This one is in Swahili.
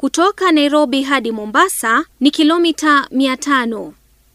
Kutoka Nairobi hadi Mombasa ni kilomita mia 500.